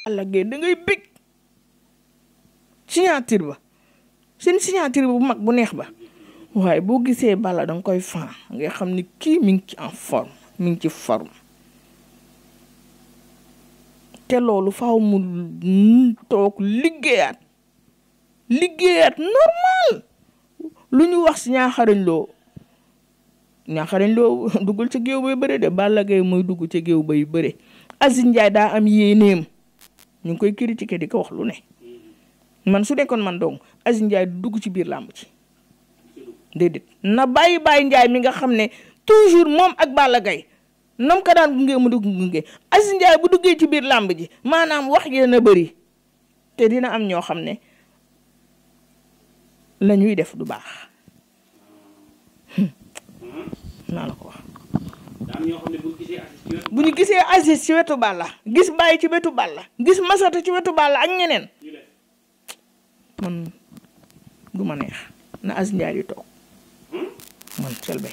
Balla Gaye da ngay bég signature ba seen signature bu mag bu neex ba waaye boo gisee Balla danga koy fan nga xam ni kii mi ngi ci en forme mi ngi ci forme te loolu faaw mu toog liggéeyaat liggéeyaat normal lu ñu wax si ñaaxarañ loo ñaaxarañ loo duggul ci géew bay bëre de Balla Gaye mooy dugg ci géew bay bëre Aziz Ndiaye daa am yéeneem ñu ngi koy critiquer di ko wax lu ne man su nekkoon man dong Aziz dugg ci biir làmb ci déedéet na bàyyi bàyyi Ndiaye mi nga xam ne toujours moom ak Balla Gaye nam ko daan gunge mu dugg gunge Aziz bu duggee ci biir làmb ji maanaam wax yéen bari bëri te dina am ñoo xam ne lañuy def du baax naa ko wax bu ñu gisee Aziz ci wetu Balla gis Baye ci wetu Balla gis Masata ci wetu Balla ak ñeneen man du ma neex na Aziz Ndiaye di toog hmm? man Selbé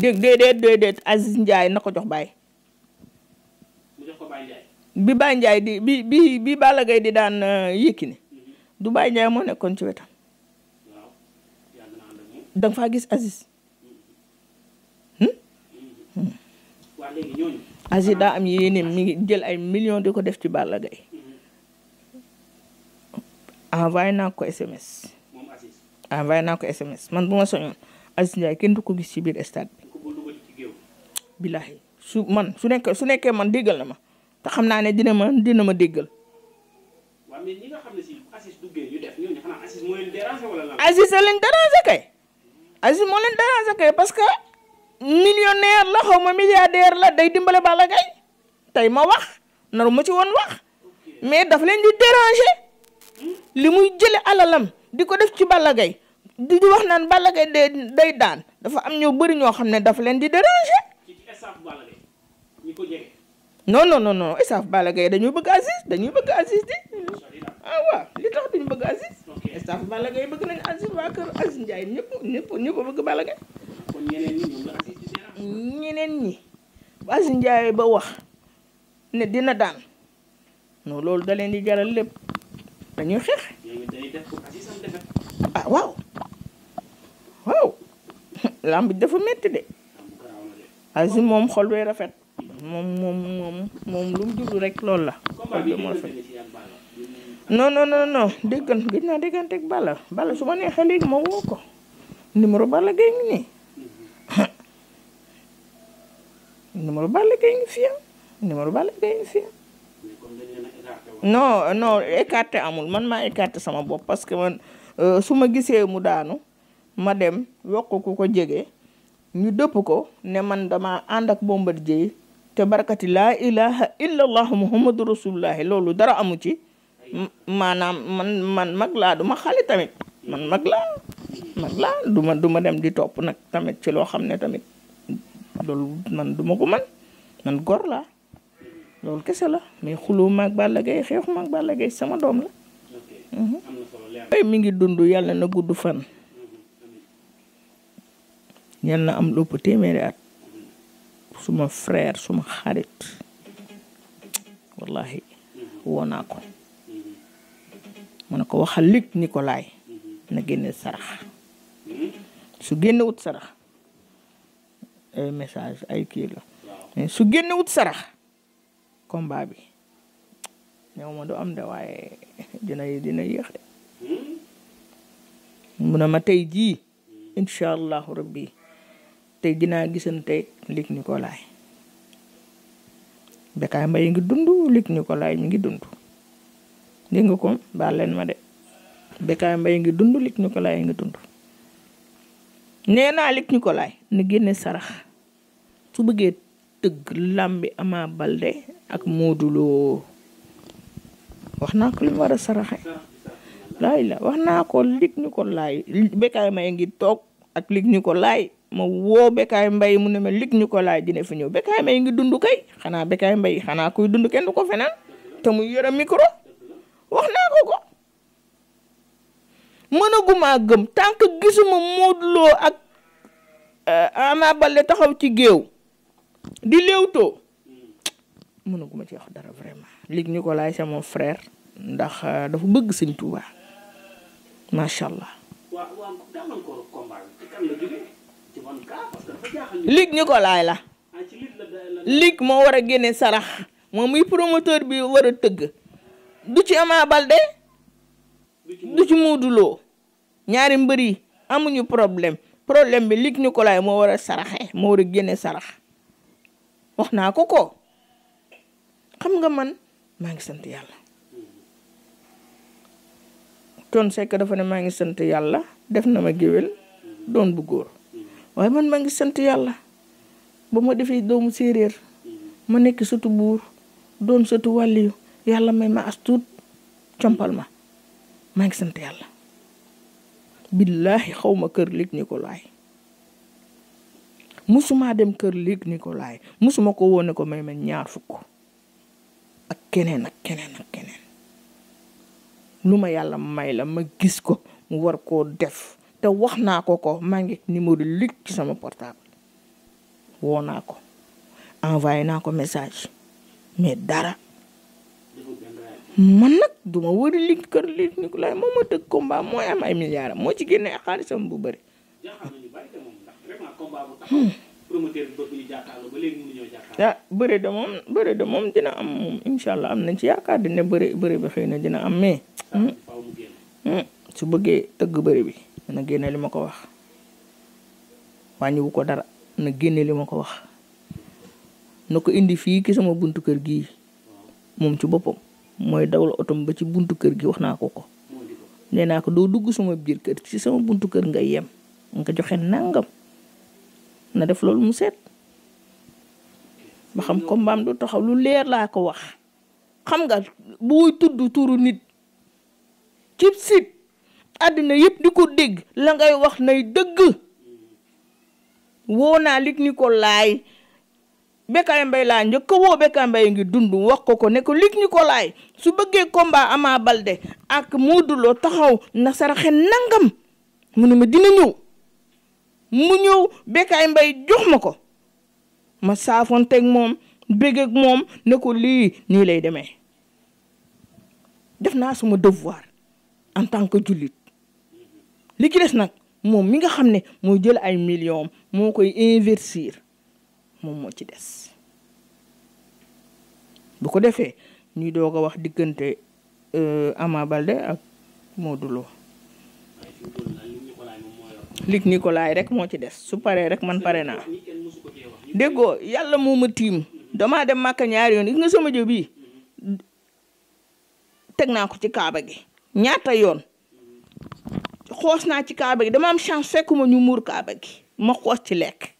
dégg déedéet déedéet Aziz Ndiaye na ko jox Baye bi Baye Ndiaye di bi bi bi Balla di daan uh, Yékini mhm. du Baye Ndiaye moo nekkoon ci wetam danga faa gis Aziz waa léegi daa am yéene mi ngi jël ay millions di ko def ci Balla Gaye. Mm-hmm. envoyé naa ko SMS. moom naa ko SMS man bu ma soñoon Aziz Ndiaye kenn du ko gis ci biir stade bi. billahi su man su nekkee su nekkee man déggal na ma te xam naa ne dina ma dina ma déggal. waaw mais ñi nga kay. Aziz moo leen déranger kay parce que. millionnaire la xaw ma milliardaire la day dimbale Balla Gaye tey ma wax naru ma ci woon wax mais daf leen di déranger li muy jële alalam di ko def ci Balla Gaye di wax naan Balla Gaye day daan dafa am ñoo bëri ñoo xam ne dafa leen di déranger. ci staff Balla Gaye ñi ko jege. non non non dañuy bëgg Aziz dañuy bëgg Aziz di ah waaw li tax duñu bëgg Aziz. staff Balla Gaye bëgg nañu Aziz waa kër Aziz Ndiaye ñëpp ñëpp ñëpp bëgg Balla ñeneen ñi bu Aziz Ndiaye ba wax ne dina daan non loolu da leen di jaral lépp dañuy xeex. ah waaw waaw lamb dafa métti de. Aziz moom xol bee rafet. moom moom moom moom lu mu jublu rek loolu la. xol bi moo rafet non non non non déggan gis déggante ak Balla Balla su ma neexee léegi ma woo ko numéro Balla Gaye ngi nii. numéro Balla Gaye ngi fi numéro Balla Gaye ngi fi non non écarté amul man maa écarté sama bopp parce que man euh, su ma gisee mu daanu ma dem yokk ko jege ñu dëpp ko ne man dama ànd ak Bombardier te barkati laa ilaha illallah muhammadu rasulullahi loolu dara amu ci maanaam man man mag laa duma xale tamit man mag laa mag laa duma duma dem di topp nag tamit ci loo xam ne tamit loolu man duma ko man man gor laa loolu kese la mais xuloo maag Balla Gaye xeexu maag Balla Gaye sama doom la. Mhm. mi ngi dund yàlla na gudd fan. Mhm, yàlla na am lopp téeméeri at. Mhm. suma frère suma xarit wallahi woo ko mu ne ko waxal lig Nikolaay na génne sarax su génnewut sarax message ay kii la su génne wut sarax combat bi ñëw ma du am de waaye dina dina yéex de hmm? mu ne ma tey jii incha allahu rabbi tey dinaa gisante Luc Nicolaï Bécaye Mbaye ngi dund Luc Nicolaï mi ngi dundu dégg nga ko baal leen ma de Bécaye ngi dund Luc Nicolaï ngi dund nee naa ko laay na génne sarax su bëggee tëgg làmbi Ama Baldé ak Modou wax naa ko li mu war a saraxe laay la wax naa ko Luc Nicolaï Bécaye Mbaye ngi toog ak Luc Nicolaï ma woo Bécaye Mbaye mu ne ma ñu ko laay dina fi ñëw Bécaye Mbaye ngi dund kay xanaa Bécaye Mbaye xanaa koy dund kenn du ko fenaan te mu yore micro mënagumaa gëm tànk que gisuma Modou Lo ak euh, Ama Baldé taxaw ci géew di léewtoo mënaguma ci wax dara vraiment Luc Nicolaï c'est mon frère ndax euh, dafa bëgg Sëñ Tuubaa macha allah. Luc la. Luc ah, moo war a génne sarax moom muy promoteur bi war a tëgg du ci Ama Baldé du ci Modou Lo ñaari mbër yi amuñu problème problème bi Luc Nicolaï moo war a saraxe moo war génne sarax wax naa ko ko xam nga man maa ngi sant yàlla Thione Seck dafa ne maa ngi sant yàlla def na ma géwél doon bu góor waaye man maa ngi sant yàlla ba ma defee doomu séeréer ma nekk sëtu buur doon sëtu wàlliyu yàlla may ma as tuut compal maa ngi sant yàlla billaahi xaw ma kër Luc Nicolaï musuma dem kër Luc Nicolaï musuma ko woone ko may ma ñaar fukk ak keneen ak keneen ak keneen lu ma yàlla may la ma gis ko mu war koo def te wax naa ko ko maa ngi numéro Luc ci sama portable woo naa ko envoyé naa ko message mais dara man nag du ma wëri li kër li Nicolas moom ma tëgg combat mooy am ay milliards moo ci génne ak xaalisam bu bëri. Hmm. ah bëre de moom bëre de moom dina am moom incha allah am nañ ci yaakaar dina bëre bëre bi xëy na dina am mais. Ah, hmm. hmm. su bëggee tëgg bëre bi na génne li ma ko wax wàññiwu ko dara na génne li ma ko wax na ko indi fii ki sama buntu kër gi moom ci boppam. mooy dawal otoom ba ci buntu kër gi wax naa ko ko nee naa ko doo dugg suma biir kër ci sama buntu kër nga yem nga joxe nangam na def loolu mu set ba xam comme du taxaw lu leer laa ko wax xam nga buy tudd turu nit cib sib àddina yëpp di ko dégg la ngay wax nay dëgg woo naa lig ni ko laay Bécaye Mbaye laa njëkk woo Bécaye Mbaye ngi dund wax ko ko ne ko Luc Nicolaï su bëggee combat Ama balde ak Modou Lo taxaw na saraxe nangam mu ne ma dina ñëw mu ñëw Bécaye Mbaye jox ma ko ma saafoonteeg moom bégeeg moom ne ko lii nii lay demee def naa suma devoir en tant que jullit li ci des nag moom mi nga xam ne moo jël ay millions moo koy investir moom moo ci des bu ko defee ñuy doo a wax diggante euh, Ama Balde ak Modou Lo Luc Nicolaï rek moo ci des su paree rek man pare naa déggoo yàlla moo ma tiim damaa dem màkka ñaari yoon gis nga sama jëb bii teg naa ko ci kaaba gi ñaata yoon xoos naa ci kaaba gi dama am chance fekkuma ñu muur kaaba gi ma xoos ci lekk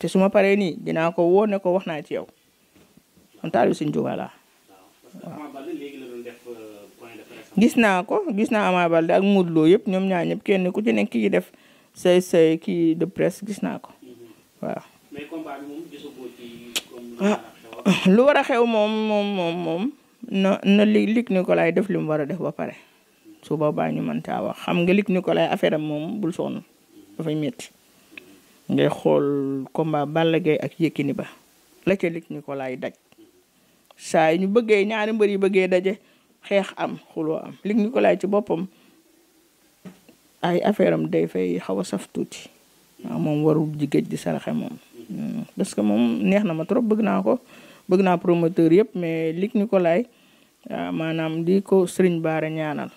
te su ma paree nii dinaa ko woo ne ko wax naa ci yow man taalibe Sëñ Tuubaa laa gis naa ko gis naa Ama Baldé ak Modou Lo yëpp ñoom ñaar ñëpp kenn ku ci nekk kii def say say kii de presse gis naa ko waaw. Ah, lu war a xew moom moom moom moom na na li Luc Nicolaï def li mu war a def ba pare su boobaa ñu mën taa wax xam nga Luc Nicolaï affaire am moom bul sonn dafay métti. ngay xool combat Balla Gaye ak Yékini ba la ca Luc Nicolaï daj saa yi ñu bëggee ñaari mbër yi bëggee daje xeex am xuloo am Luc Nicolaï ci boppam ay affaire am day fay xaw a saf tuuti waaw moom warul ji géej di saraxe moom hmm, parce que moom neex na ma trop bëgg naa ko bëgg naa promoteur yëpp mais Luc Nicolaï waaw maanaam di ko sëriñ Bara ñaanal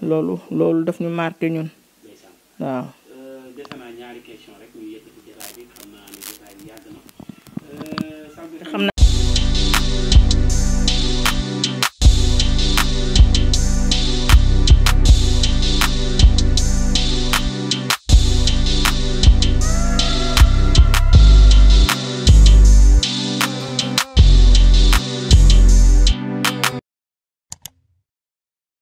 loolu loolu daf ñu marqué ñun waaw question rek ñu yëkkati jotaay bi xam naa ne jotaay bi yàgg na. Euh,